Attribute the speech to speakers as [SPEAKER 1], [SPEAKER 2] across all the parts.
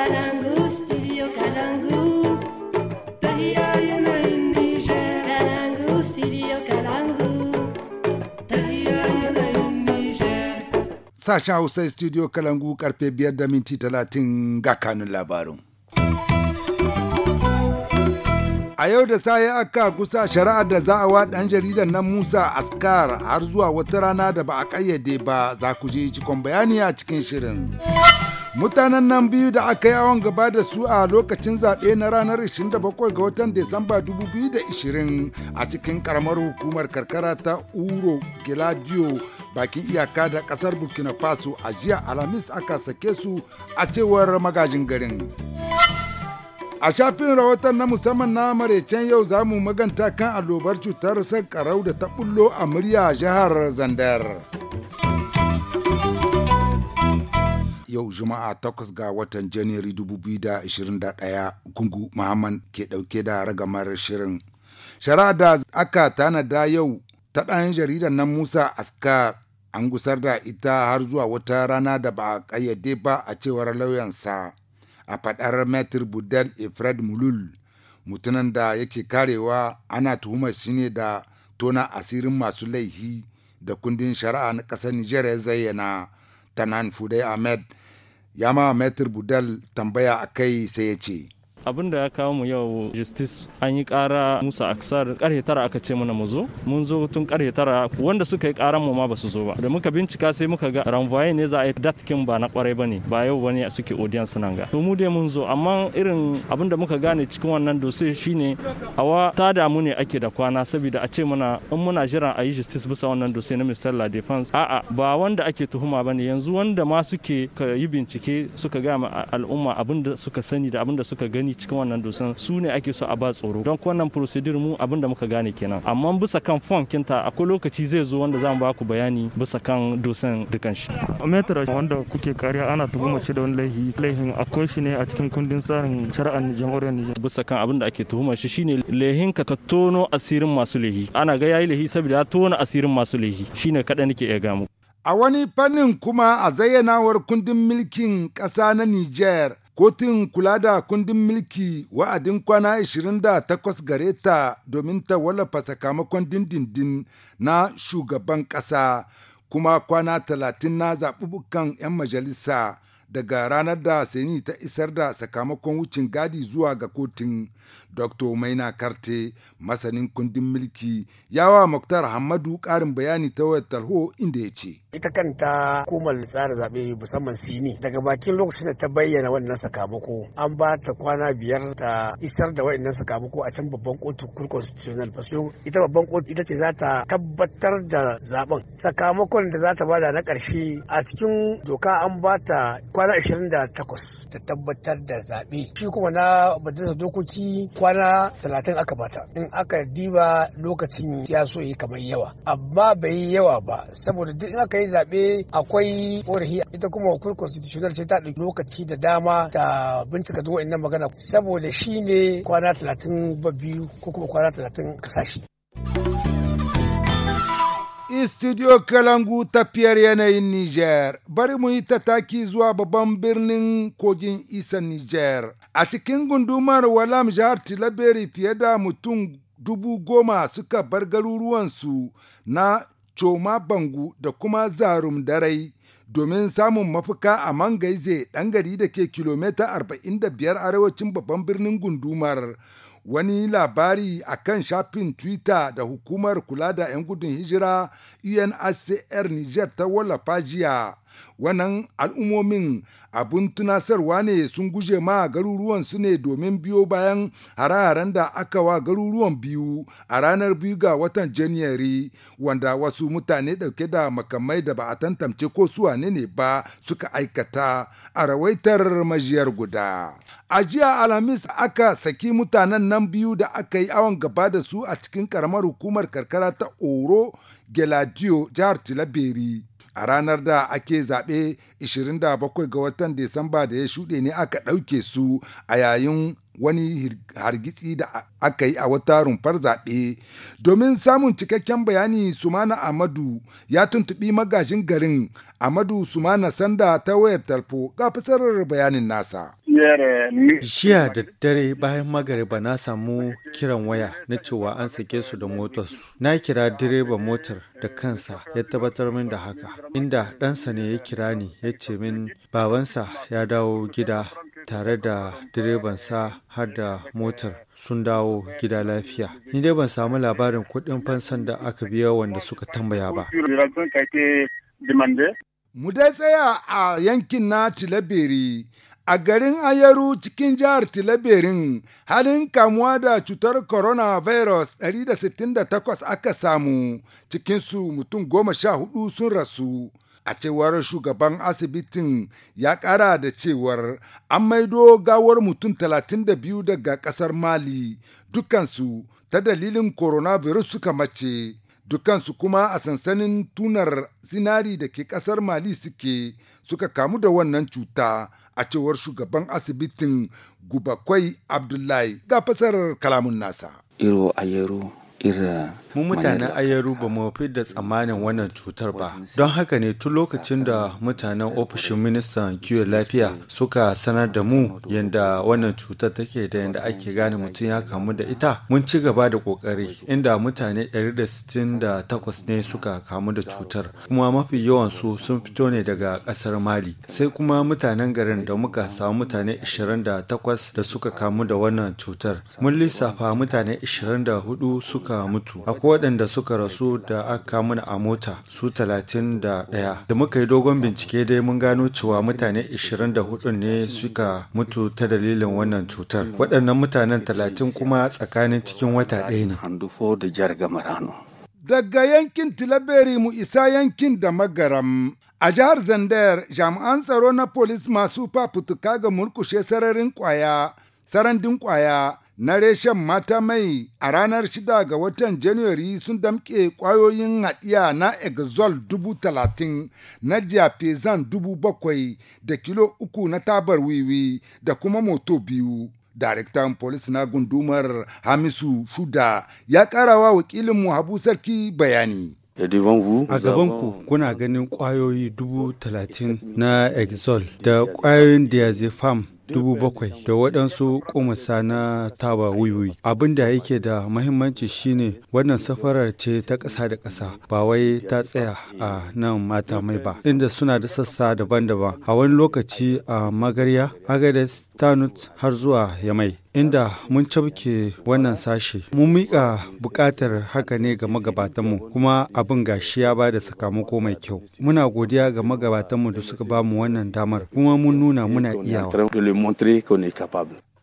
[SPEAKER 1] Kalangu,
[SPEAKER 2] studio Kalangu.
[SPEAKER 3] Kalangu,
[SPEAKER 4] Sashen Hausa studio Kalangu karfe biyar da minti talatin ga kanun labarin. a yau da sa aka kusa shari'ar da za a wa ɗan jaridar nan musa askar har zuwa wata rana da ba a ƙayyade ba za ku je cikon bayani a cikin shirin. mutanen nan biyu da aka yi awon gaba da su a lokacin zaɓe na ranar 27 ga watan Desamba 2020 a cikin karamar hukumar karkara ta Uro Giladio bakin iyaka da ƙasar Burkina Faso a jiya Alhamis aka sake su a cewar magajin garin. A shafin rahoton na musamman na maraicen yau za mu maganta kan allobar cutar sankarau da ta bullo a murya jihar Zandar. yau Juma'a takwas ga watan Janairu 2021 Gungu Muhammad ke ɗauke da ragamar shirin. Shari'a da aka tanada yau ta ɗan jaridar nan Musa Askar an gusar da ita har zuwa wata rana da ba a ƙayyade ba a cewar lauyansa a faɗar Metr Budel Efred Mulul mutunan da yake karewa ana tuhumar shi ne da tona asirin masu laihi da kundin shari'a na ƙasar Nijar ya zayyana Tanan Fudai Ahmed ya ma metir Budal tambaya a kai sai ya ce.
[SPEAKER 3] abin da ya kawo mu yau justice an yi kara musa aksar karhe tara aka ce mana mu zo mun zo tun karhe tara wanda suka yi karan mu ma ba su zo ba da muka bincika sai muka ga ranvoye ne za a yi datkin ba na kwarai bane ba yau bane suke audience nan ga to mu dai mun zo amma irin abin da muka gane cikin wannan dose shine awa ta mu ne ake da kwana saboda a ce mana in muna jiran a yi justice bisa wannan dose na Mr. La Defense a'a ba wanda ake tuhuma bane yanzu wanda ma suke yi bincike suka ga al'umma abin da suka sani da abin da suka gani addini cikin wannan dusan su ne ake so a ba tsoro don wannan procedure mu abin da muka gane kenan amma bisa kan form kinta akwai lokaci zai zo wanda zan ba ku bayani bisa kan dusan dukan shi wanda kuke kariya ana tuhuma shi da wani laihi laihin akwai shi ne a cikin kundin tsarin shari'ar jamhuriyar Nijar bisa kan abin da ake tuhuma shi shine laihin ka tono asirin masu laihi ana ga yayi laihi saboda ya tona asirin masu laihi shine kada nake iya gamu
[SPEAKER 4] A wani fannin kuma a zayyanawar kundin milkin ƙasa na Nijar, Kotun kula da kundin mulki wa'adin kwana 28 gare ta domin ta wallafa sakamakon dindindin na shugaban ƙasa kuma kwana 30 na zaɓuɓɓukan 'yan majalisa. daga ranar da seni ta isar da sakamakon wucin gadi zuwa ga kotun dr maina karte masanin kundin mulki yawa muktar hamadu karin bayani ta wayar tarho inda ya ce ita kanta hukumar tsara zaɓe musamman sini daga
[SPEAKER 1] bakin lokacin da ta bayyana wannan sakamako an ba ta kwana biyar ta isar da wannan sakamako a can babban kotu kur constitutional fasiyo ita babban kotu ita ce za ta tabbatar da zaben sakamakon da za ta bada na ƙarshe a cikin doka an ba ta kwana 28 ta tabbatar da zaɓe shi kuma na majalisar dokoki kwana 30 aka bata in aka diba lokacin ya so yi kamar yawa amma bai yi yawa ba saboda duk in aka yi zaɓe akwai ƙorafi ita kuma hukumar constitutional sai ta ɗauki lokaci da dama ta bincika duk wa'annan magana saboda shi ne kwana 30
[SPEAKER 4] ba biyu ko kuma kwana 30 kasashe. Studio Kalangu tafiyar yanayin Niger, bari mu yi taki zuwa babban birnin kogin isa Niger. A cikin gundumar Walam jihar Tilaberi fiye da mutum dubu goma suka bar garuruwansu na Choma Bangu da kuma Zarum Darai. domin samun mafuka a mangaize ɗan gari da ke kilomita 45 arewacin babban birnin gundumar wani labari a kan shafin twitter da hukumar kula da 'yan gudun hijira unhcr e niger ta wallafa jiya Wannan al'ummomin abin tunasarwa ne sun guje ma garuruwan su ne domin biyo bayan hare-haren da aka wa garuruwan biyu a ranar biyu ga watan Janairu wanda wasu mutane ɗauke da makamai da ba a tantance ko suwa ne ne ba suka aikata a rawaitar majiyar guda. A jiya Alhamis aka saki mutanen nan biyu da aka yi awon gaba da su a cikin karamar hukumar karkara ta Oro Geladio jihar tilaberi a ranar da ake zaɓe 27 ga watan Desamba da ya shuɗe ne aka ɗauke su a yayin wani hargitsi da aka yi a wata rumfar zaɓe. Domin samun cikakken bayani Sumana Amadu ya tuntuɓi magajin garin Amadu Sumana Sanda ta wayar talfo ga fasarar bayanin nasa.
[SPEAKER 5] Eh, Jiya da dare bayan magariba na samu kiran waya na cewa an sake su da motarsu. Na kira direban motar da kansa ya tabbatar min da haka, inda ɗansa ne ya kira ni ya ce min babansa ya dawo gida tare da direbansa har da motar sun dawo gida lafiya. Ni dai ban samu labarin kuɗin fansan da aka biya wanda suka tambaya
[SPEAKER 1] ba.
[SPEAKER 4] Mu dai tsaya a yankin na Tilaberi A garin Ayaru cikin jihar Tilaberin, halin kamuwa da cutar coronavirus 168 aka samu, cikinsu mutum goma sha hudu sun rasu. A cewar shugaban asibitin ya ƙara da cewar an maido gawar mutum 32 daga ƙasar Mali, dukansu ta dalilin coronavirus suka mace dukansu kuma a sansanin tunar sinari da ke kasar mali suke suka kamu da wannan cuta a cewar shugaban asibitin gubakwai abdullahi ga fasarar kalamun nasa iro a yero mu mutanen
[SPEAKER 5] ayaru ba mu fi da tsammanin wannan cutar ba don haka ne tun lokacin da mutanen ofishin ministan kiwon lafiya suka sanar da mu yadda wannan cutar take da yadda ake gane mutum ya kamu da ita mun ci gaba da kokari inda mutane 168 ne suka kamu da cutar kuma mafi yawan su sun fito ne daga kasar mali sai kuma mutanen garin da muka samu mutane 28 da suka kamu da wannan cutar mun lissafa mutane 24 suka suka mutu akwai waɗanda suka rasu da aka mana a mota su talatin da ɗaya da muka yi dogon bincike dai mun gano cewa mutane 24 ne suka mutu ta dalilin wannan cutar waɗannan mutanen talatin kuma tsakanin cikin wata ɗaya ne
[SPEAKER 4] daga yankin tilaberi mu isa yankin da magaram A jihar Zandayar, jami'an tsaro na polis masu fafutuka ga murkushe sararin kwaya, sarandin kwaya na reshen mata mai a ranar 6 ga watan Janairu sun damƙe kwayoyin haɗiya na Exol 30,000 na japezan 7,000 da kilo uku na tabar wiwi da kuma moto biyu. Daraktan polis na gundumar Hamisu Shuda ya wakilin wakilin Habu Sarki bayani.
[SPEAKER 5] a gabanku
[SPEAKER 4] kuna ganin kwayoyi dubu talatin
[SPEAKER 5] na exol da kwayoyin diazepam dubu bakwai da waɗansu kumusa na taba wiwi abin da yake da mahimmanci shine wannan safarar ce ta ƙasa da ƙasa ba wai ta tsaya a nan mata mai ba inda suna da sassa daban-daban a wani lokaci a magarya agades tanut har zuwa yamai inda mun cauke wannan sashe. Mun mika buƙatar haka ne ga magabatanmu kuma abin gashi ya ba da sakamako mai kyau. Muna godiya ga magabatanmu da suka ba mu wannan damar kuma mun
[SPEAKER 6] nuna muna
[SPEAKER 4] iyawa.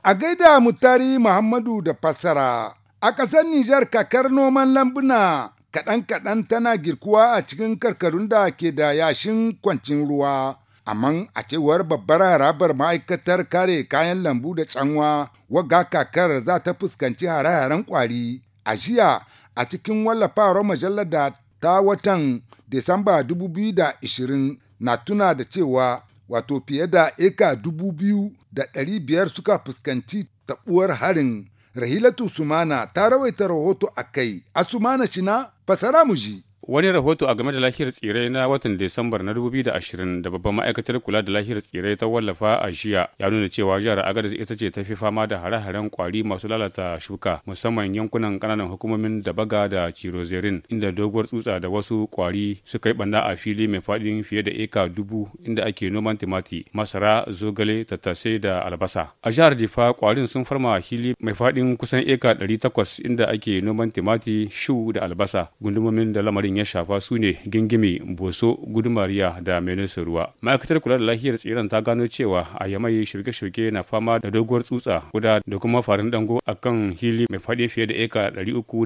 [SPEAKER 4] A gaida mutari Muhammadu da fassara, a ƙasar Nijar kakar noman lambuna kaɗan-kaɗan tana girkuwa a cikin karkarun da ke da yashin kwancin ruwa. amma a cewar babbar harabar ma'aikatar kare kayan lambu da canwa waga kakar za ta fuskanci hare-haren kwari a jiya a cikin wallafawar mujallar da ta watan Disamba 2020 na tuna da cewa wato fiye da eka 2,500 suka fuskanci taɓuwar harin rahilatu sumana ta rawaita rahoto a kai a sumana shina fasara mu ji
[SPEAKER 6] Wani rahoto a game da lahiyar tsirai na watan Disambar na 2020 da babban ma'aikatar kula da lahiyar tsirai ta wallafa a jiya ya nuna cewa jihar Agadez ita ce ta fi fama da hare-haren kwari masu lalata shuka musamman yankunan kananan hukumomin da baga da cirozerin inda doguwar tsutsa da wasu kwari suka yi banna a fili mai faɗin fiye da eka dubu inda ake noman timati, masara, zogale, tattasai da albasa. A jihar Difa kwarin sun farma a fili mai faɗin kusan eka ɗari takwas inda ake noman timati, shu da albasa gundumomin da lamarin ya shafa su ne gingimi boso gudumariya da menesa ruwa ma'aikatar kula da lafiyar tsiran ta gano cewa a yamai shirke-shirke na fama da doguwar tsutsa guda da kuma farin dango akan hili mai faɗi fiye da eka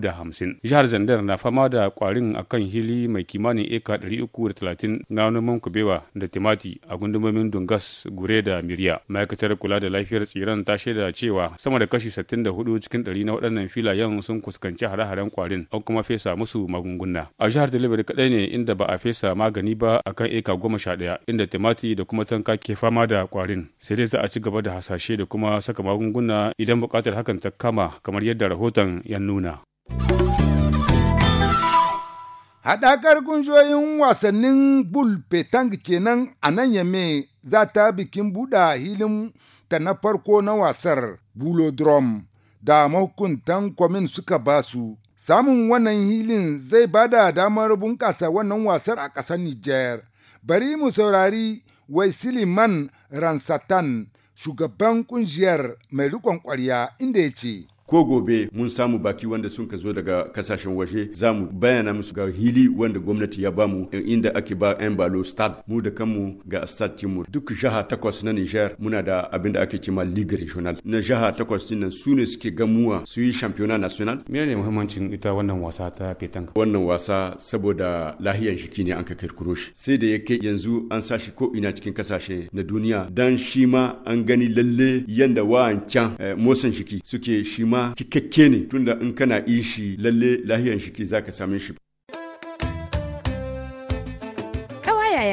[SPEAKER 6] da hamsin jihar zandar na fama da kwarin akan hili mai kimanin eka 330 na noman kubewa da timati a gundumomin dungas gure da miriya ma'aikatar kula da lafiyar tsiran ta shaida cewa sama da kashi sittin da hudu cikin 100 na waɗannan filayen sun kuskanci hare-haren kwarin an kuma fesa musu magunguna a jihar jihar delivery kaɗai ne inda ba a fesa magani ba a kan eka goma sha ɗaya inda timati da kuma tanka ke fama da kwarin Sai dai za a ci gaba da hasashe da kuma saka magunguna idan buƙatar hakan ta kama kamar yadda rahoton ya nuna.
[SPEAKER 4] Haɗakar kungiyoyin wasannin Bull Petang kenan a nan Yame za ta bikin buɗa hilin ta na farko na wasar Bulodrom da mahukuntan kwamin suka basu Samun wannan hilin zai bada damar bunƙasa wannan wasar a ƙasar Nijar. Bari mu saurari siliman Ransatan, shugaban ƙungiyar mai riƙon ƙwarya inda ya ce. ko gobe
[SPEAKER 1] mun samu baki wanda sun ka zo daga kasashen waje za mu bayyana musu ga hili wanda gwamnati ya bamu inda ake ba yan balo stad mu da kanmu ga stad timur duk jaha takwas na niger muna da abinda da ake cema league regional na jaha takwas din nan sune suke gamuwa su yi championnat national mene ne muhimmancin ita wannan wasa ta petanka wannan wasa saboda lahiyar jiki ne an ka kirkiro shi sai da yake yanzu an sa shi ko ina cikin kasashe na duniya dan shi an gani lalle yanda wa'ancan eh, motsin jiki suke shi cikakke ne tunda in kana ishi lalle lahiyan shi ke zaka same shi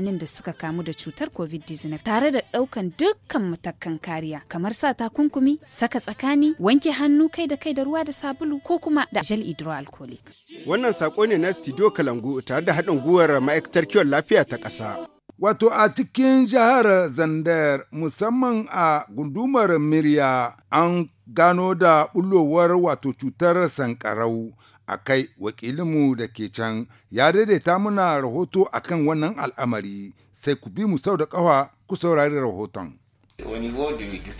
[SPEAKER 2] mutanen da suka kamu da cutar covid-19 tare da ɗaukan dukkan matakan kariya kamar sa takunkumi saka tsakani wanke hannu kai da kai da ruwa da sabulu ko kuma da gel hydroalcoholic
[SPEAKER 1] wannan sako ne na studio kalangu tare da haɗin gwiwar ma'aikatar kiwon lafiya ta ƙasa
[SPEAKER 4] Wato a cikin jihar Zandar musamman a gundumar Mirya an gano da bullowar wato cutar sankarau a kai wakilinmu da ke can ya daidaita muna rahoto akan wannan al'amari sai ku bi mu sau da kawa ku saurari rahoton.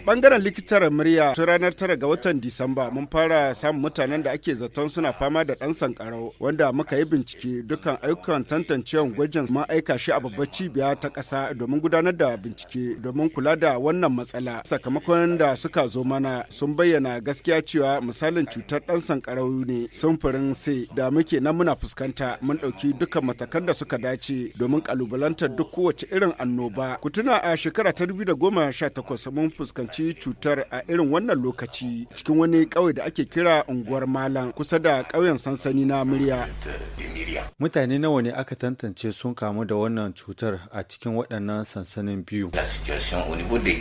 [SPEAKER 4] Bangaren likitar murya tun ranar tara ga watan Disamba mun fara samun
[SPEAKER 1] mutanen da ake zaton suna fama da ɗan sankarau wanda muka yi bincike dukkan ayyukan tantancewar gwajin ma aika shi a babbar cibiya ta ƙasa domin gudanar da bincike domin kula da wannan matsala. Sakamakon da suka zo mana sun bayyana gaskiya cewa misalin cutar ɗan sankarau ne sumfurin sai da muke nan muna fuskanta mun ɗauki dukkan matakan da suka dace domin kalubalantar duk kowace irin annoba. Kutuna a shekara ta 2018 takwas mun fuskanci cutar a irin wannan lokaci cikin wani ƙauye da ake kira unguwar Malam kusa da ƙauyen sansani na murya.
[SPEAKER 5] Mutane nawa ne aka tantance sun kamu da wannan cutar a cikin waɗannan sansanin biyu.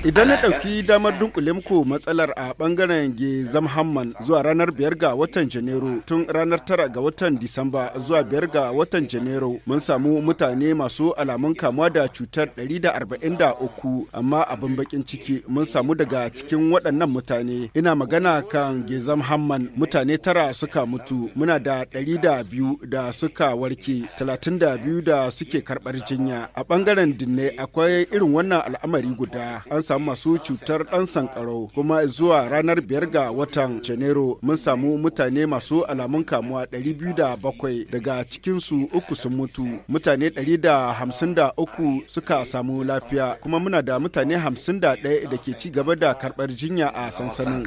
[SPEAKER 1] Idan na ɗauki damar dunkule muku matsalar a ɓangaren ge zamhamman zuwa ranar biyar ga watan Janairu tun ranar tara ga watan Disamba zuwa biyar ga watan Janairu mun samu mutane masu alamun kamuwa da cutar 143 amma abin bakin ɗin ciki mun samu daga cikin waɗannan mutane ina magana kan gizam hamman mutane tara suka mutu muna da ɗari da biyu da suka warke talatin da biyu da suke karɓar jinya a ɓangaren dinne akwai irin wannan al'amari guda an samu masu cutar ɗan sankarau kuma zuwa ranar biyar ga watan janairu mun samu mutane masu alamun kamuwa ɗari biyu da bakwai daga cikinsu uku sun mutu mutane ɗari da hamsin da uku suka samu lafiya kuma muna da mutane hamsin da ɗaya da ke ci gaba da karɓar jinya a sansanin.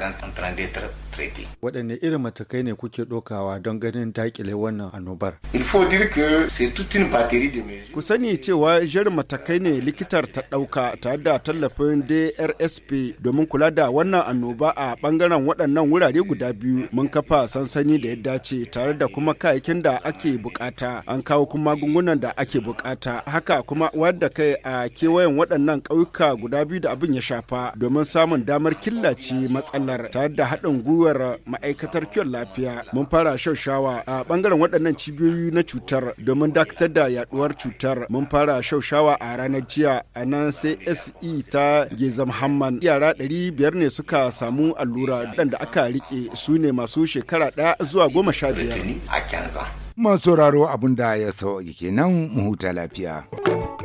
[SPEAKER 1] traité. Waɗanne irin matakai ne kuke ɗaukawa don ganin daƙile wannan annobar? Il faut dire que c'est toute une batterie de mesures. Ku sani cewa jerin matakai ne likitar ta ɗauka tare da tallafin DRSP domin kula da wannan annoba a ɓangaren waɗannan wurare guda biyu mun kafa sansani da ya dace tare da kuma kayakin da ake bukata an kawo kuma magungunan da ake bukata haka kuma wadda kai a kewayen waɗannan ƙauyuka guda biyu da abin ya shafa domin samun damar killace matsalar tare da haɗin gwiwa gwiwar ma'aikatar kiwon lafiya mun fara shaushawa a bangaren waɗannan cibiyoyi na cutar domin dakatar da yaduwar cutar mun fara shaushawa a ranar jiya a nan sai se ta gizam hamman yara ɗari biyar ne suka samu allura waɗanda aka rike su ne masu shekara ɗaya zuwa goma sha biyar
[SPEAKER 4] masu sauraro abin da ya sauƙi kenan mu huta lafiya.